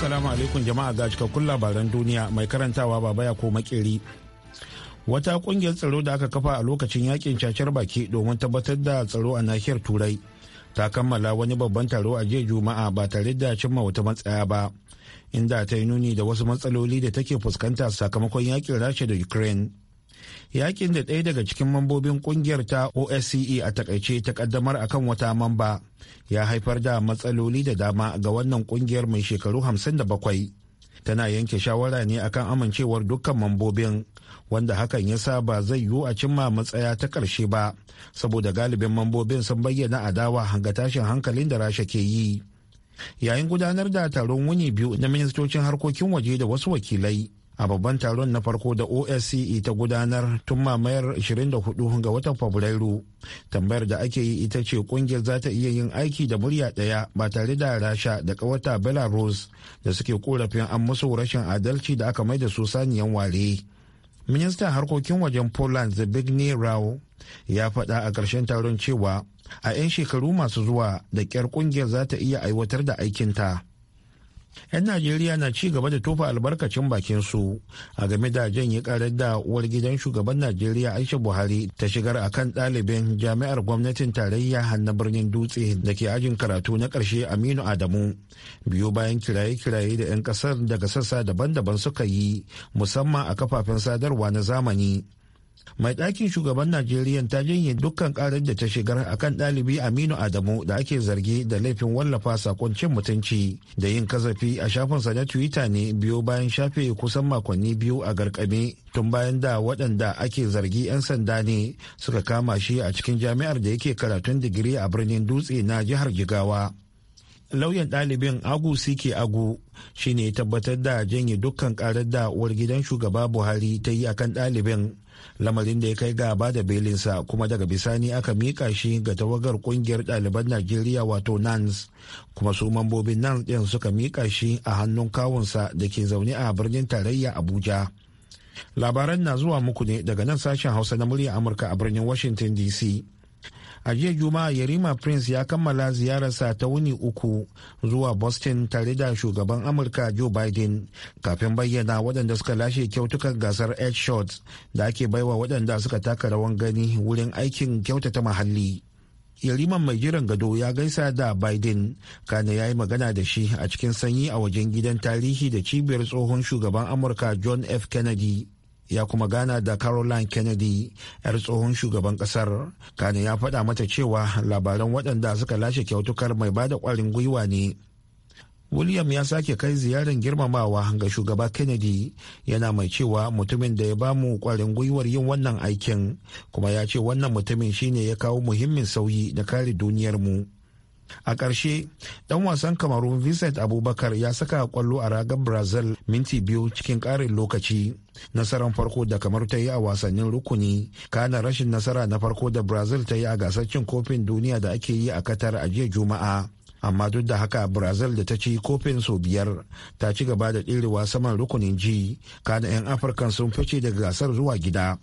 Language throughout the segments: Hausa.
Assalamu alaikum jama'a ga cikakkun labaran duniya mai karantawa ba ya ko makeri. Wata kungiyar tsaro da aka kafa a lokacin yakin cacar baki domin tabbatar da tsaro a nahiyar Turai ta kammala wani babban taro a jiya Juma'a ba tare da cimma wata matsaya ba. Inda ta yi nuni da wasu matsaloli da take fuskanta sakamakon yakin Rasha da Ukraine. yakin da ɗaya daga cikin mambobin ƙungiyar ta osce a takaice ta kaddamar akan wata mamba ya haifar da matsaloli da dama ga wannan ƙungiyar mai shekaru 57 tana yanke shawara ne akan amincewar dukkan mambobin wanda hakan ya sa ba zai yiwu a cimma matsaya ta ƙarshe ba saboda galibin mambobin sun bayyana adawa ga tashin hankalin da rasha ke yi yayin gudanar da taron wuni biyu na ministocin harkokin waje da wasu wakilai a babban taron na farko da osce ta gudanar tun mamayar 24 ga watan fabrairu tambayar da ake yi ita ce kungiyar za ta iya yin aiki da murya daya ba tare da rasha da kawata belarus da suke korafin an musu rashin adalci da aka maida su saniyan ware ministan harkokin wajen poland zbigni rao ya faɗa a ƙarshen taron cewa a 'yan shekaru masu zuwa da ƙyar kungiyar za ta iya aiwatar da aikinta. 'yan najeriya na ci gaba da tofa albarkacin bakin su a game da janye karar da uwar gidan shugaban najeriya aisha buhari ta shigar a kan ɗalibin jami'ar gwamnatin tarayya hannun birnin dutse da ke ajin karatu na ƙarshe aminu adamu biyu bayan kiraye-kiraye da 'yan ƙasar daga sassa daban-daban suka yi musamman a kafafen sadarwa na zamani mai ɗakin shugaban najeriya ta janye dukkan karar da ta shigar akan ɗalibi aminu adamu da ake zargi da laifin wallafa sakon cin mutunci da yin kazafi a shafinsa na twitter ne biyo bayan shafe kusan makonni biyu a garkame tun bayan da waɗanda ake zargi 'yan sanda ne suka kama shi a cikin jami'ar da yake karatun digiri a birnin dutse na jihar jigawa lauyan ɗalibin agu sike agu shine tabbatar da janye dukkan karar da uwar gidan shugaba buhari ta yi akan ɗalibin lamarin da ya kai ga bada belinsa kuma daga bisani aka mika shi ga tawagar kungiyar ɗaliban najeriya wato nans kuma su mambobin nans ɗin suka mika shi a hannun kawunsa da ke zaune a birnin tarayya abuja labaran na zuwa muku ne daga nan sashen hausa na murya amurka a birnin washington dc a jiya juma'a yarima prince ya kammala ziyararsa ta wuni uku zuwa boston tare da shugaban amurka joe biden kafin bayyana waɗanda suka lashe kyautukan gasar headshots da ake baiwa waɗanda suka taka rawan gani wurin aikin kyautata muhalli yariman mai jiran gado ya gaisa da biden kane ya yi magana da shi a cikin sanyi a wajen gidan tarihi da cibiyar tsohon shugaban amurka john f kennedy ya kuma gana da caroline kennedy 'yar tsohon shugaban kasar kane ya faɗa mata cewa labaran waɗanda suka lashe kyautukar mai bada kwarin gwiwa ne william ya sake kai ziyarar girmamawa ga shugaba kennedy yana mai cewa mutumin da ya bamu kwarin gwiwar yin wannan aikin kuma ya ce wannan mutumin shine ya kawo muhimmin sauyi da kare duniyarmu a ƙarshe ɗan wasan kamaru vincent abubakar ya saka ƙwallo a ragar brazil minti biyu cikin ƙarin lokaci nasarar farko da kamar ta yi a wasannin rukuni kana rashin nasara na farko da brazil ta yi a gasar cin kofin duniya da ake yi a katar a jiya juma'a amma duk da haka brazil da ta ci kofin sau biyar ta ci gaba da ɗirewa saman rukunin ji kana 'yan afirka sun fice daga gasar zuwa gida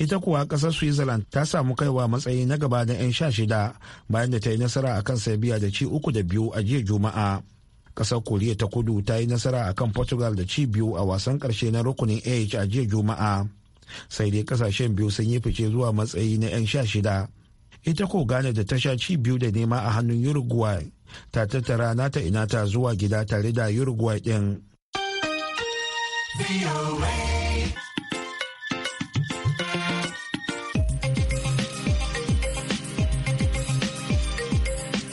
ita kuwa kasar switzerland ta samu kaiwa matsayi na gaba da 'yan sha shida bayan da ta yi nasara akan serbia da ci uku da biyu a jiya juma'a kasar koriya ta kudu ta yi nasara akan portugal da ci biyu a wasan karshe na rukunin ah a jiya juma'a sai dai kasashen biyu sun yi fice zuwa matsayi na 'yan sha shida ita ko gane da ta sha ci biyu da nema a hannun uruguay ta tattara na ta ina ta zuwa gida tare da uruguay din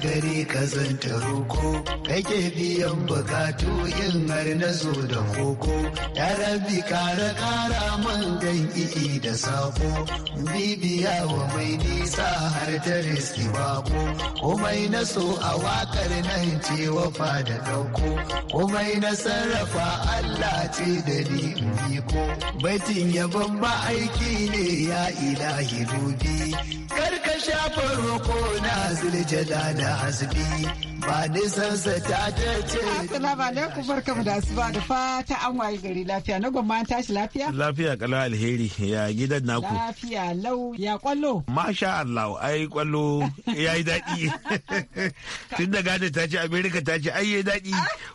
gari ka zanta roko kake biyan bukatu yin har na zo da koko ya rabi kara kara man gan i'i da sako bibiya wa mai nisa har ta riski bako komai na so a wakar nan ce wafa da dauko komai na sarrafa Allah ce da ni biko batin yabon ba aiki ne ya ilahi dubi shafin roko na ziljada da hasbi ba nisan sa ta ta ce. Assalamu alaikum barkamu da asuba da fata an waye gari lafiya na gwamma tashi lafiya. Lafiya kala alheri ya gidan naku. Lafiya lau ya kwallo. Masha Allah ai kwallo ya yi daɗi. Tun da Ghana ta ci Amerika ta ci ai ya daɗi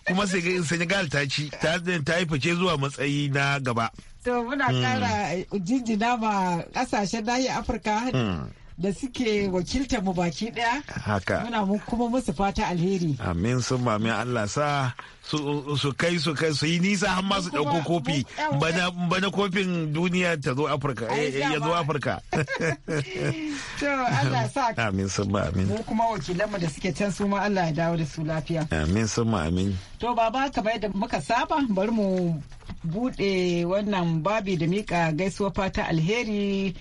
kuma sai ga Senegal ta ci ta yi fice zuwa matsayi na gaba. To muna kara hmm. jinjina ma kasashen nahiyar Afirka. Hmm. da suke wakiltar mu baki daya haka muna kuma musu fata alheri amin sun mamin Allah sa su kai su kai su yi nisa har ma su dauko kofi eh, bana kofin duniya ta zo Afirka eh, eh, ya zo Afirka to Allah sa amin sun amin mu kuma wakilan mu da suke can su ma Allah ya dawo da su lafiya amin sun amin to baba kamar yadda muka saba bari mu bude wannan babi da mika gaisuwa fata alheri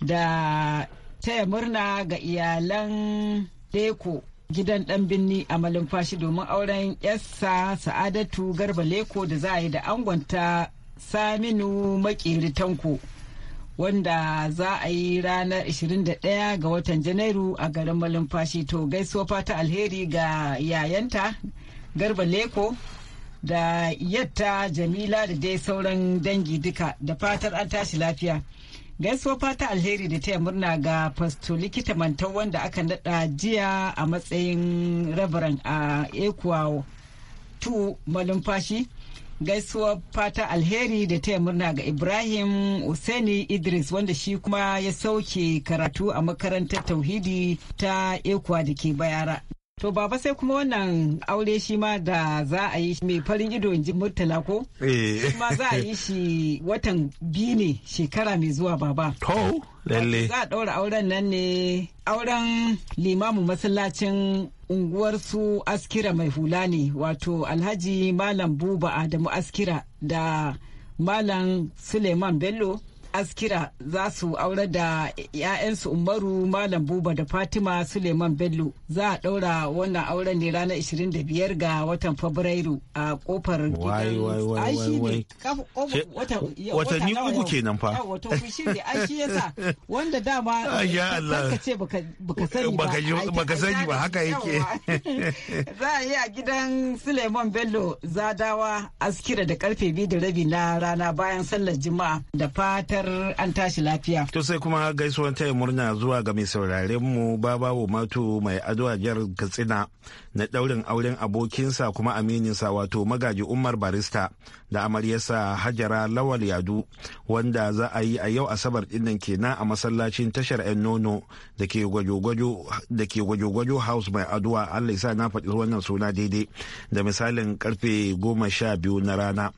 da taya murna ga iyalan Leko gidan dan binni a malumfashi domin auren yassa sa'adatu garba leko da za a yi da angonta saminu makeri tanko wanda za a yi ranar 21 ga watan janairu a garin malumfashi to gaisuwa fata alheri ga yayanta garba leko da yatta jamila da dai sauran dangi duka da fatar an tashi lafiya gaisuwa fata alheri da taya murna ga fasto likita mantau wanda aka nada jiya a matsayin reverend a ekuwa tu malumfashi gaisuwa fata alheri da taya murna ga ibrahim Useni idris wanda shi kuma ya sauke karatu a makarantar tauhidi ta ekuwa da ke bayara To baba sai kuma wannan aure shi ma da za a yi mai farin ido in ji murtala ko? Eh. Shi ma za a yi shi watan biyu ne shekara mai zuwa baba. To lalle. Za a ɗaura auren nan ne auren limamin masallacin unguwar su askira mai hula ne wato alhaji malam buba adamu askira da malam suleiman bello askira za su aure da 'ya'yansu umaru malam buba da fatima suleiman bello za a daura wannan auren ne ranar 25 ga watan fabrairu a kofar gidan watanni uku kenan fa wanda dama ya Allah baka sani ba baka ba haka yake za a yi a gidan suleiman bello zadawa askira da karfe biyu da rabi na rana bayan sallar juma'a da fatar. fatar an tashi lafiya. To sai kuma gaisuwar taya murna zuwa ga mai sauraren mu babawo mato mai addu'a jar Katsina na daurin auren abokinsa kuma sa wato magaji Umar Barista da amaryarsa Hajara Lawal Yadu wanda za a yi a yau Asabar dinnan kenan a masallacin tashar 'yan nono da ke gwajo-gwajo House mai addu'a Allah ya sa na faɗi wannan suna daidai da misalin karfe goma sha biyu na rana.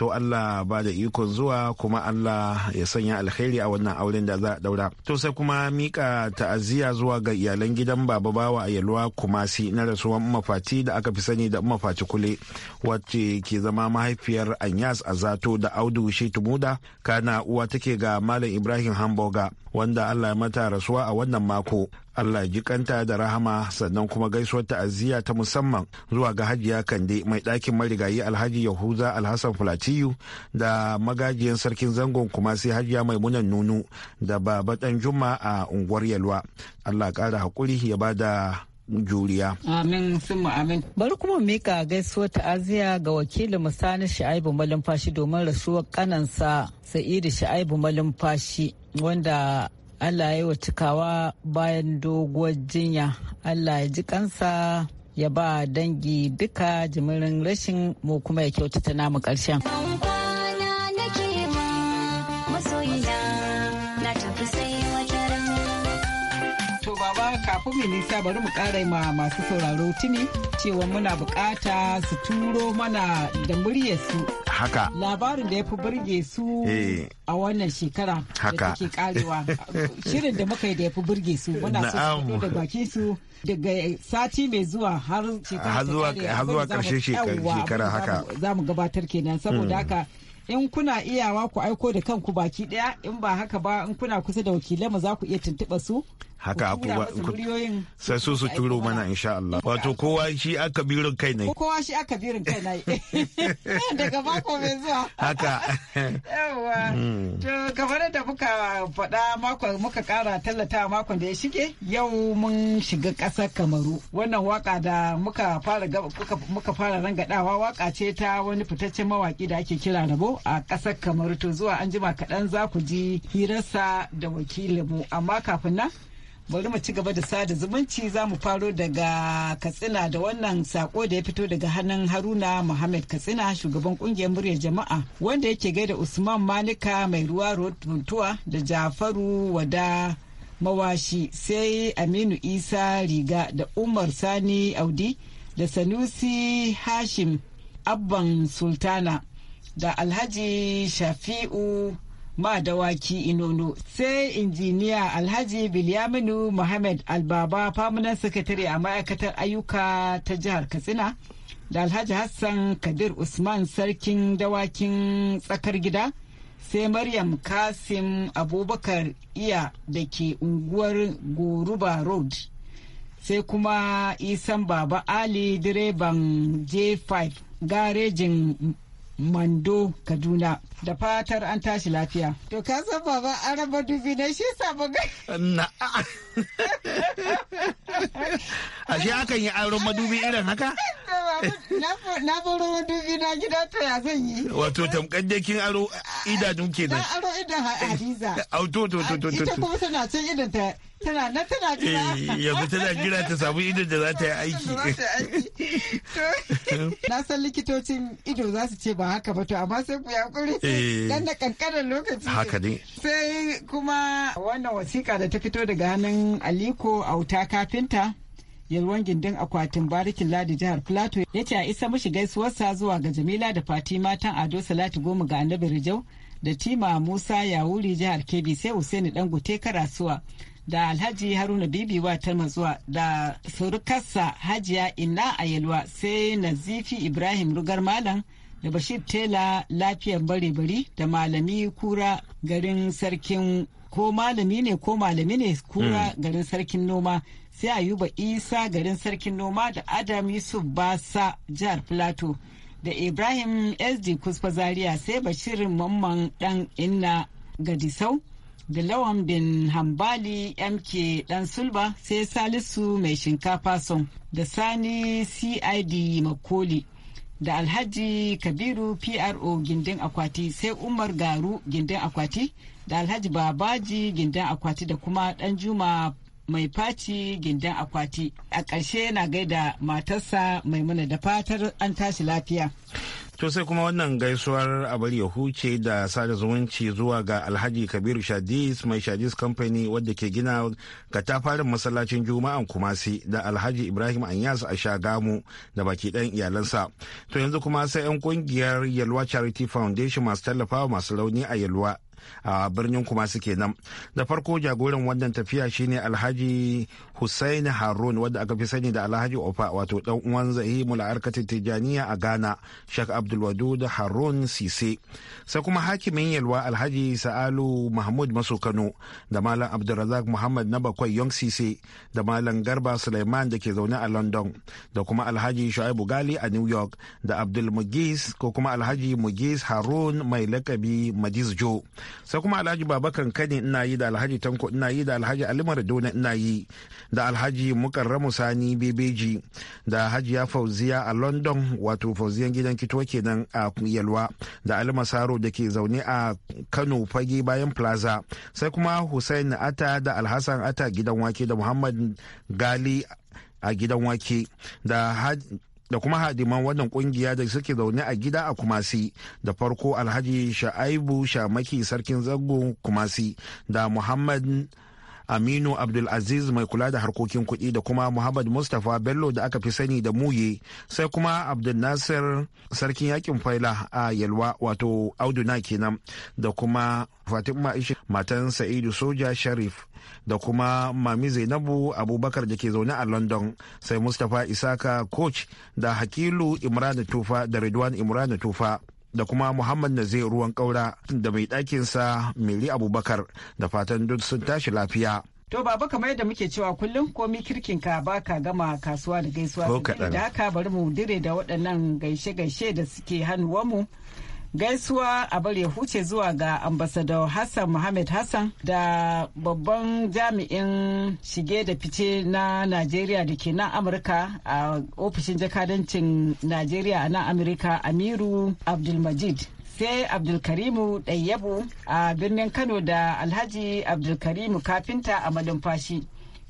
to Allah ba da ikon zuwa kuma Allah ya sanya alkhairi a wannan auren da za a daura to sai kuma mika ta'aziyya zuwa ga iyalan gidan baba bawa a yalwa kumasi na rasuwan mafati da aka fi sani da mafaci kule wacce ke zama mahaifiyar anyas a zato da audu shetu muda kana uwa take ga malam ibrahim hamburger wanda Allah ya mata rasuwa a wannan mako Allah ji kanta da rahama sannan kuma gaisuwar ta'aziyya ta musamman zuwa ga hajiya kande mai ɗakin marigayi alhaji yahuza alhassan fulatiyu da magajiyan sarkin zangon kuma sai hajiya maimunan nunu da baba dan juma a unguwar yalwa Allah ƙara haƙuri ya ba da juriya. Amin sun amin. Bari kuma mika gaisuwar ta'aziyya ga wakilin musani Sha'ibu Malumfashi domin rasuwar kanansa Sa'idu Sha'ibu Malumfashi wanda Allah ya yi wa cikawa bayan doguwar jinya. Allah ya ji kansa ya ba dangi duka jimirin rashin mu kuma ya kyautata namu ƙarshen. kafin mu nisa bari mu ƙara ma masu sauraro tuni cewa muna bukata su turo mana da muryarsu haka labarin da ya fi burge su eh. a wannan shekara da take karewa shirin da muka yi da ya fi burge su muna so da baki su daga sati mai zuwa har shekara zuwa karshe shekara haka za mu gabatar kenan saboda mm. haka in kuna iyawa ku aiko da kanku baki daya in ba haka ba in kuna kusa da wakilai mu za ku iya tuntuɓa su haka aku sai su su turo mana insha Allah wato kowa shi aka birin kai ne kowa shi aka birin kai ne daga mako mai zuwa haka yawa hmm. to kamar da muka faɗa mako muka ƙara tallata makon da ya shige yau mun shiga ƙasar Kamaru wannan waka da muka fara muka fara rangadawa waka ce ta wani fitaccen mawaki da ake kira rabo a ƙasar Kamaru to zuwa an jima kaɗan za ku ji hirarsa da wakilinmu amma kafin nan bari mu ci gaba da sada zumunci za mu faro daga katsina da wannan sako da ya fito daga hannun haruna muhammad katsina shugaban kungiyar muryar jama'a wanda yake gaida usman manika mai ruwa rotuntuwa da jafaru wada mawashi sai aminu isa riga da umar sani audi da sanusi hashim abban sultana da alhaji shafi'u ma dawaki inono sai injiniya alhaji bilyaminu muhammad albaba famunan sakatare a ma'aikatar ayyuka ta jihar katsina da alhaji hassan kadir usman sarkin dawakin tsakar gida sai maryam kasim abubakar iya da ke unguwar goruba road sai kuma isan baba ali direban j5 garejin mando kaduna da fatar an tashi lafiya. To ka san baba an raba dubi ne shi sa ba ga. Na. A shi akan yi aron madubi irin haka? Na furo madubi na gida ta ya zan yi. Wato tamkar da kin aro ke kenan. Na aro idan Hadiza. Au to to to to to. Ita kuma tana cin idan ta tana na tana jira. Eh, yanzu tana jira ta samu idan da za ta yi aiki. Na san likitocin ido za su ce ba haka ba to amma sai ku ya kuri. Eh, Eh, dan da kankanin lokaci haka ne sai kuma wannan wasiƙa da ta fito daga hannun aliko auta kafinta yalwan gindin akwatin barikin ladi jihar plateau ya ce a isa mashi gaisuwarsa zuwa ga jamila da fatima matan ado salatu goma ga annabi rijau da tima musa yawuri jihar kebbi sai husaini dangote karasuwa da alhaji haruna bibi wa zuwa da surukarsa hajiya ina a yalwa sai nazifi ibrahim rugar malam da bashir tela lafiyar bare-bare da malami kura garin sarkin ko malami ne ko malami ne kura hmm. garin sarkin noma sai ayuba isa garin sarkin noma da adam yusuf basa jihar plateau da ibrahim sd kusfa zaria sai bashir mamman dan inna gadisau da lawan bin hambali mk dan sulba sai salisu mai shinkafa son da sani cid makoli da alhaji kabiru pro gindin akwati sai umar garu gindin akwati da alhaji babaji gindin akwati da kuma dan juma mai faci gindin akwati a ƙarshe na gaida matarsa maimuna da fatar an tashi lafiya To sai kuma wannan gaisuwar abar ya huce da sada zumunci zuwa ga Alhaji Kabiru Shadis mai Shadis Company wadda ke gina katafarin masallacin Juma'an Kumasi da Alhaji Ibrahim Anyas a Shagamu da baki ɗan iyalansa. To yanzu kuma sai 'yan kungiyar Yalwa Charity Foundation masu tallafawa masu launi a Yalwa a birnin kuma suke nan da farko jagoran wannan tafiya shine alhaji hussain harun wadda aka fi sani da alhaji ofa wato dan uwan zahimul harkatin tijaniya a ghana shak da harun sise sai kuma hakimin yalwa alhaji sa'alu mahmud maso kano da malam abdulrazak muhammad na bakwai yong sise da malam garba suleiman da ke zaune a london da kuma alhaji shu'aibu gali a new york da abdul mugis ko kuma alhaji mugis harun mai lakabi madiz jo sai kuma alhaji babakan kani ina yi da alhaji tanko ina yi da alhaji alimar dona ina yi da alhaji mukarramu sani bebeji da hajiya fauziya a london wato fauziyan gidan kito kenan a yalwa da alima saro da ke zaune a kano fage bayan plaza sai kuma hussein ata da alhassan ata gidan wake da muhammad gali a gidan wake da da kuma hadiman wannan kungiya da suke zaune a gida a kumasi da farko alhaji sha'aibu shamaki sarkin zango kumasi da muhammad aminu abdulaziz mai kula da harkokin kuɗi da kuma muhammad mustapha bello da aka fi sani da muye sai kuma abdul sarkin yakin faila a yalwa wato audu na kenan da kuma fatima ishi matan sa'idu soja sharif da kuma mami zainabu abubakar da ke zaune a london sai mustapha isaka coach da hakilu imrana tufa da ridwan imrana tufa da kuma muhammad nazir ruwan kaura da mai ɗakinsa mary abubakar da fatan duk sun tashi lafiya To baba kamar yadda muke cewa kullum komi kirkin ka ba ka gama kasuwa da gaisuwa da haka bari mu dire da waɗannan gaishe-gaishe da suke mu. gaisuwa a ya huce zuwa ga ambasador hassan muhammad hassan da babban jami'in shige da fice na najeriya da ke nan amurka a ofishin jakadancin najeriya a nan amurka amiru abdulmajid sai abdulkarimu ɗayyabu a birnin kano da alhaji abdulkarimu kafinta a madumfashi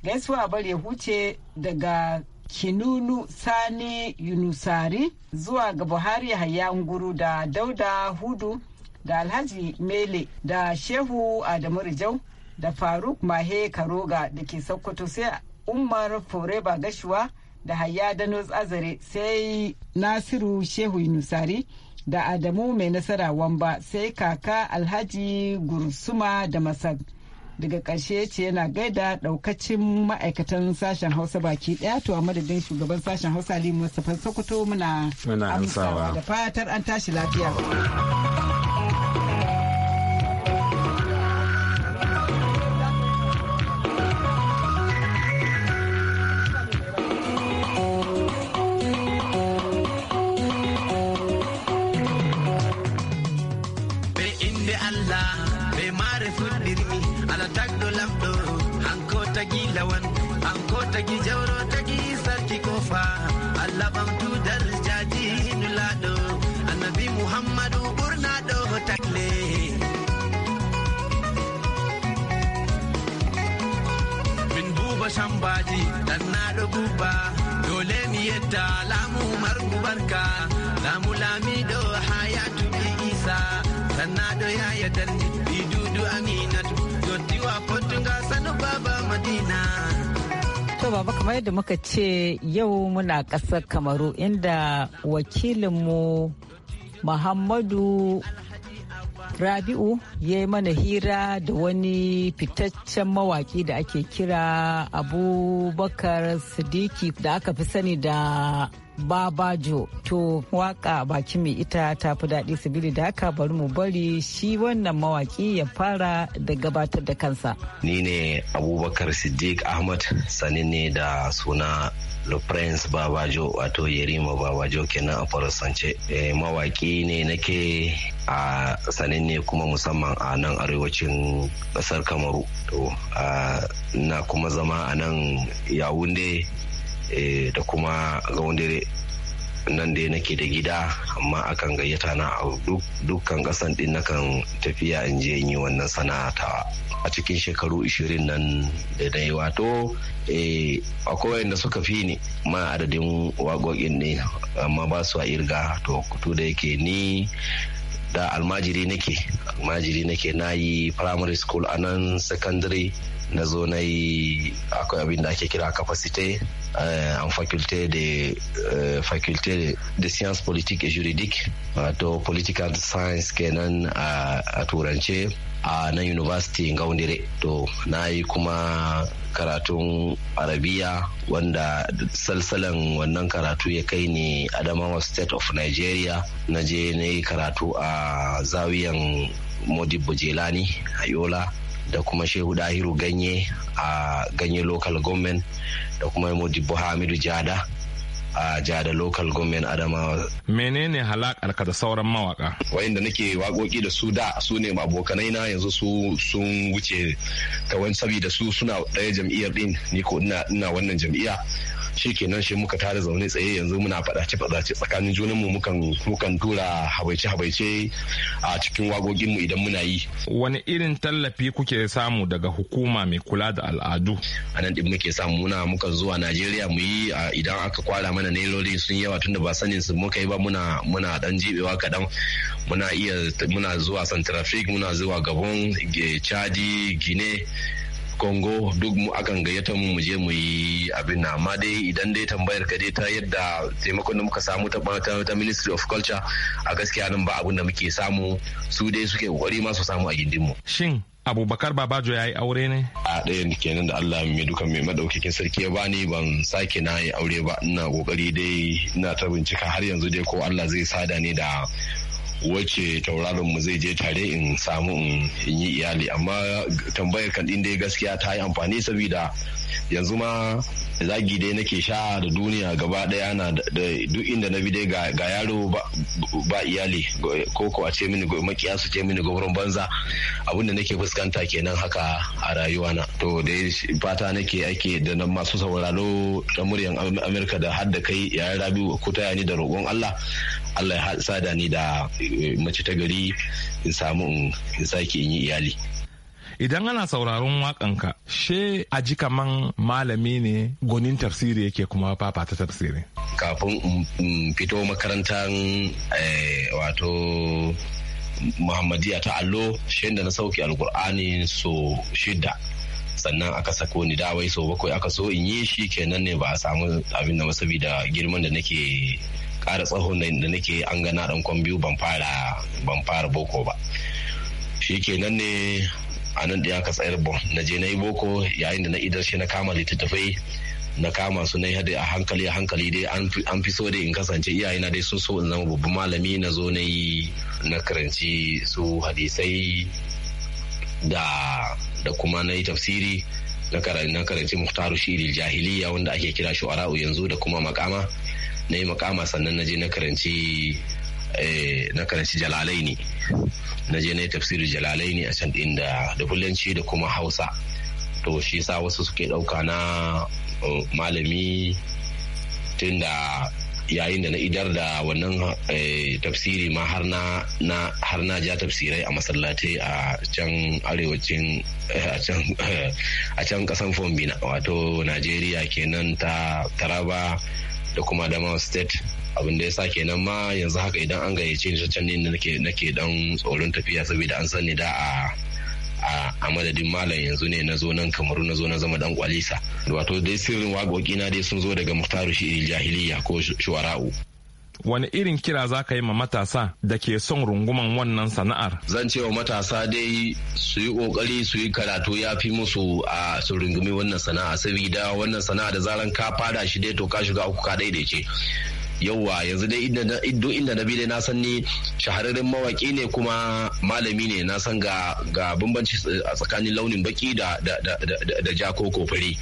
gaisuwa a ya huce daga kinunu sani yunusari zuwa ga buhari yahaya da dauda hudu da alhaji mele da shehu adamu rijau da faruk mahe karoga da ke sokoto sai umar foreba gashuwa da hayya danos azare sai nasiru shehu yunusari da adamu mai nasara wamba sai kaka alhaji gursuma da masar daga ƙarshe ya ce yana gaida ɗaukacin ma'aikatan sashen hausa baki ɗaya to a madadin shugaban sashen hausa limu mustapha sokoto muna amsawa da fatar an tashi lafiya. sanado ya yadar aminatu baba madina To baba kamar yadda muka ce yau muna ƙasar kamaru inda wakilinmu Muhammadu Rabi'u ya yi mana hira da wani fitaccen mawaki da ake kira Abubakar Sidiki da aka fi sani da babajo to waka baki mai ita ta fi daɗi sabili da haka bari mu bari shi wannan mawaki ya fara da gabatar da kansa ni ne abubakar siddiq ahmad sani ne da suna le prince babajo wato Yarima babajo kenan a faransance eh, mawaki ne nake a ne kuma musamman a nan arewacin kasar kamaru to na kuma zama a nan yawunde Eh, da kuma gaundare nan dai nake da gida amma akan gayyata na a dukkan kasan din nakan tafiya in je yi wannan sana'a a cikin shekaru 20 nan da dai wato eh, akwai da suka fi ni ma adadin waƙoƙin ne amma ba su a irga to kutu da yake ni da almajiri nake almajiri nake na yi primary school a nan secondary na zo na yi akwai abin da ake kira capacité eh, en faculté de eh, faculté de science politique et juridique wato political science kenan a turance a nan university gaundire to na yi kuma karatun arabiya wanda salsalan wannan karatu ya kai ni adamawa state of nigeria na je na yi karatu a zawiyan modibo jelani a yola da kuma shehu dahiru ganye a ganye local government da kuma modibo hamidu jada a jada local government adamawa menene halakar ka da sauran mawaka wayanda nake waƙoƙi da su da su ne abokanai na yanzu su sun wuce ta wani da su suna ɗaya jam'iyyar din ni ko ina wannan jam'iyya shi kenan shi muka tare zaune tsaye yanzu muna faɗace faɗace tsakanin mu mukan mukan tura habaice habaice a cikin mu idan muna yi wani irin tallafi kuke samu daga hukuma mai kula da al'adu a nan din muke samu muna muka zuwa najeriya mu yi idan aka kwara mana neloli sun yawa tunda ba sanin su muka yi ba muna muna dan jibewa kaɗan muna iya muna zuwa san traffic muna zuwa gabon chadi gine congo duk mu akan gayyata mu mu je mu yi abin na amma dai idan dai tambayar ka dai ta yadda taimakon da muka samu ta ta ministry of culture a gaskiya nan ba abin da muke samu su dai suke kokari ma su samu a gindin mu shin abubakar babajo ya yi aure ne a ɗayan kenan da allah mai duka mai madaukakin sarki ya bani ban sake na yi aure ba ina kokari dai ina ta bincika har yanzu dai ko allah zai sada ni da wacce tauraron mu zai je tare in samu in yi iyali amma tambayar kan dai gaskiya ta yi amfani saboda yanzu ma zagi dai nake sha da duniya gaba daya na da duk inda na bi dai ga yaro ba iyali ko ko a ce mini makiya su ce mini gobron banza abin da nake fuskanta kenan haka a rayuwa na to da fata nake ake da masu sauraro ta muryan amurka da hadda kai yayin rabi ko ta ni da roƙon allah Allah ya da ni da eh, mace ta gari in samu in sake in yi iyali idan ana sauraron waƙanka, she a ji kaman malami ne gonin tafsiri yake kuma fafata tafsiri kafin in fito makarantar eh, wato Muhammadiyya ta allo she da na sauke alkur'ani so shida sannan aka sako ni wai so bakwai aka so in yi shi kenan ne ba a samu abin da da girman da nake ƙara tsaho da nake an gana dan kwan biyu ban fara ban fara boko ba shi kenan ne a nan da ya ka tsayar bon na je na yi boko yayin da na idar shi na kama littattafai na kama su na yi hada a hankali a hankali dai an fi so dai in kasance iyayena dai sun so in zama babban malami na zo na yi na karanci su hadisai da kuma na yi tafsiri na karanci muhtaru shiri jahiliya wanda ake kira shu'ara'u yanzu da kuma makama na yi makama sannan na je na karanci eh, na karanci jalalai ne na je na yi tafsirin jalalai ne a can inda da kullanci fulanci da kuma hausa to shi sa wasu suke ɗauka na eh, malami tun da yayin da na idar da wannan eh, tafsiri ma har na ja tafsirai a masallatai a can arewacin a can kasan fombina wato najeriya kenan ta taraba da kuma adamawa state abin da ya sa kenan ma yanzu haka idan an gayyace ni can ne nake dan tsoron tafiya saboda an san ni da a a madadin malam yanzu ne na zo nan kamaru na zo na zama dan kwalisa wato dai sirrin waƙoƙi na dai sun zo daga muktaru shi jahiliya ko shuwara'u wani irin kira za ka yi ma matasa da ke son runguman wannan sana'ar zan ce wa matasa dai su yi kokari su yi karatu ya fi musu a su rungumi wannan sana'a saboda wannan sana'a da zaran ka fada shi dai to ka shiga uku ka daidai ce. yauwa yanzu dai duk inda na bide dai na san ni shahararren mawaki ne kuma malami ne na san ga bambanci eh, a tsakanin launin baki da ja ko kofare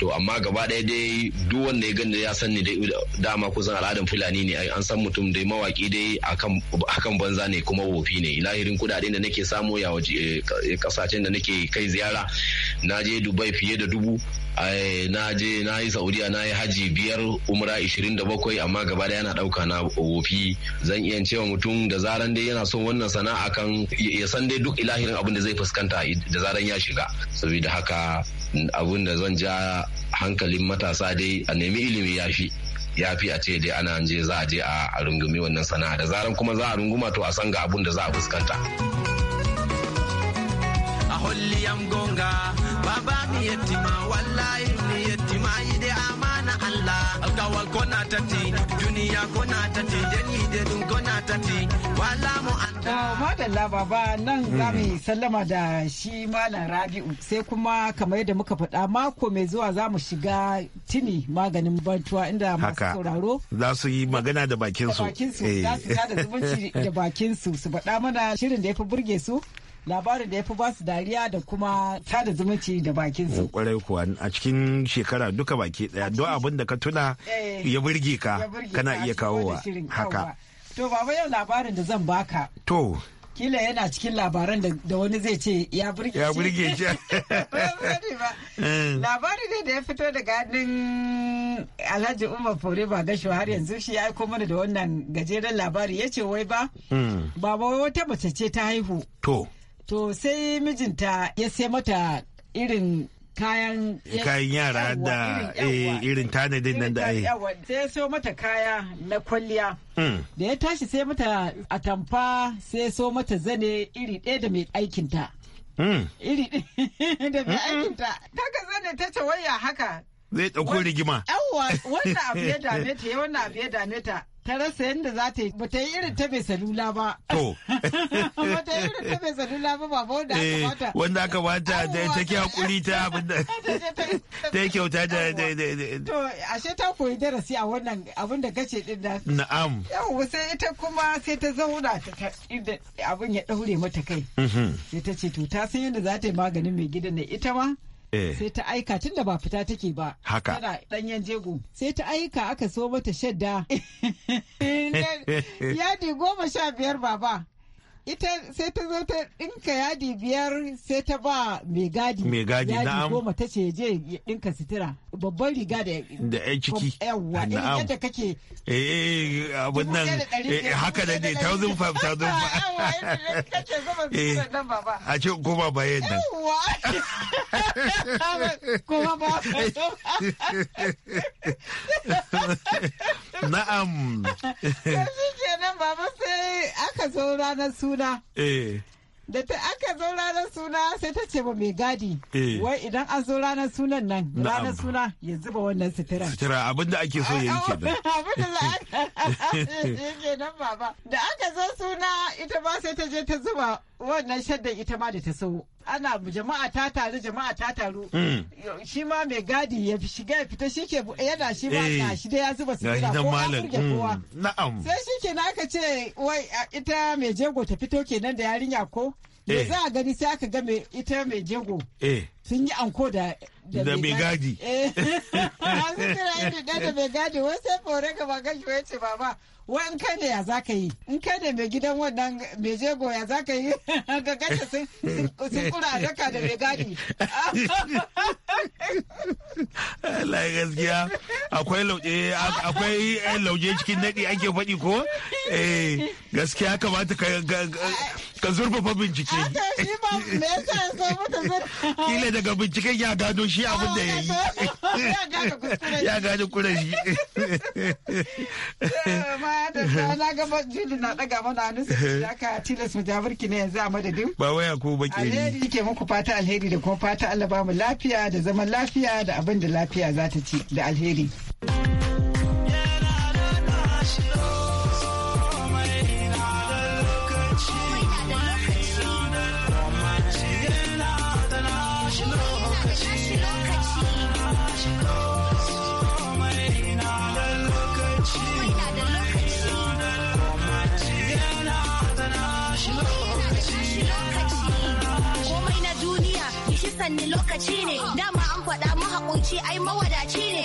to amma gaba ɗaya dai duk wanda ya gani ya san ni dai dama kusan al'adan fulani ne an san mutum dai mawaki dai akan banza ne kuma wofi ne lahirin kudaden da nake samu ya waje kasashen eh, da nake kai ziyara na je dubai fiye da dubu eh, na je na yi saudiya na yi haji biyar umra 27 amma gaba da yana dauka na wofi zan iya cewa mutum da zaran dai yana son wannan sana'a kan ya san dai duk ilahirin abin da zai fuskanta da zaran ya shiga saboda haka abin da zan ja hankalin matasa dai a nemi ilimi ya fi ya fi a ce dai ana je za a je a rungumi wannan sana'a da zaran kuma za a runguma to a san ga abun da za a fuskanta a gonga amana allah kona tati duniya kona tati deni de dun kona tati wala mu da madalla baba nan za mu sallama da shi malam rabi'u sai kuma kamar yadda muka faɗa mako mai zuwa za mu shiga tini maganin bantuwa inda masu sauraro za su yi magana da bakin eh. su da zumunci da bakin su su faɗa mana shirin da ya fi burge su labarin da ya fi basu dariya da kuma sada zumunci da bakin su. Kwarai kuwa a cikin shekara duka baki daya don abin da ka tuna eh. ya burge ka kana iya kawowa haka. To baba yau labarin da zan baka. To. Kila yana cikin labaran da wani zai ce ya burge Ya burge shi. Eh. Labari ne da ya fito daga gadin Alhaji Umar Fure ba gasho har yanzu shi ya aiko mana da wannan gajeren labari ya ce wai ba. Hmm. Baba wai wata mace ce ta haihu. To. To sai mijinta ya sai mata irin kayan kayan yara da eh, irin tanadin nan da eh. ai sai so mata kaya na kwalliya hmm. da ya tashi sai mata atamfa sai so mata zane iri ɗaya da mai aikinta hmm. iri da mai hmm. aikinta ta ka zane ta tawaya haka zai ɗauko rigima Yawa wannan abu ya dame ta wannan abu ya dame ta ta rasa yadda za ta yi ba ta yi irin ta mai salula ba. To. Ba ta yi irin ta mai salula ba ba wanda aka wata. Eh, wanda aka bata da ta ke hakuri ta abin da ta yi kyauta da. To ashe ta koyi darasi a wannan abin da gace din da. Na'am. Yau sai ita kuma sai ta zauna ta inda abin ya daure mata kai. Mhm. Sai ta ce to ta san yadda za ta yi maganin mai gidan na ita ma. Eh. sai ta aika tun da ba fita take ba haka tana danyen jego sai ta aika aka so mata shadda yadi goma sha biyar baba ita sai ta zo ta dinka yadi biyar sai ta ba mai gadi mai gadi na'am goma ta ce je dinka sitira babban riga da da yan ciki yawa ina yadda kake eh, eh abun nan eh, haka da ne 1500 1500 a ce goma bayan nan goma ba na'am nan baba sai aka zo ranar suna. Eh. da ta aka zo ranar suna sai ta ce ba mai gadi eh. wai idan an zo ranar sunan nan ranar suna ya zuba wannan sutura sutura abinda ake so ya yi ke nan abinda za a ke nan baba da aka zo suna ita ba sai ta je ta zuba wannan shaddan ita ma da ta so ana jama'a ta taru jama'a ta taru hmm. shi ma mai gadi ya shiga ya fita shi ke yana shi ma na eh. shi da ya zuba su ko malam hmm. na'am sai shi ke na aka ce wai ita mai jego ta fito kenan da yarinya ko me eh. za a gani sai aka ga ita mai jego eh. sun yi anko da da mai gadi kana yin da mai gadi wai sai fore ka ba gashi wai ce baba wai in kai ne ya za ka yi in kai ne mai gidan wannan mai jego ya za ka yi ga gashi sun kura a daka da mai gadi. Allah gaskiya akwai lauje akwai lauje cikin nadi ake faɗi ko eh, gaskiya kamata ka ka zurfafa bincike kila daga binciken ya gado shi abin da ya yi ya gado kura shi eh, na gaba jini na daga mana hannun ya ka tilas mu ne yanzu a madadin ba waya ko alheri ke muku fata alheri da kuma fata Allah ba mu lafiya da zaman lafiya da abin da lafiya za ta ci da alheri. kowanne lokaci ne dama an faɗa mahaƙunci ai mawadaci ne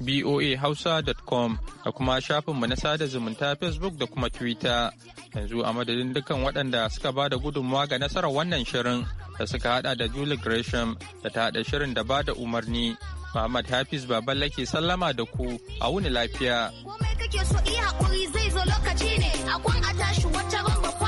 boahausa.com da kuma shafinmu na sada zumunta facebook da kuma twitter yanzu a madadin dukkan waɗanda suka ba da gudunmawa ga nasarar wannan shirin da suka hada da julie gresham da ta haɗa shirin da ba da umarni muhammad hafiz baballe ke sallama da ku a wuni lafiya komai kake so iya hakuri zai zo lokaci ne a kwan a tashi wata ban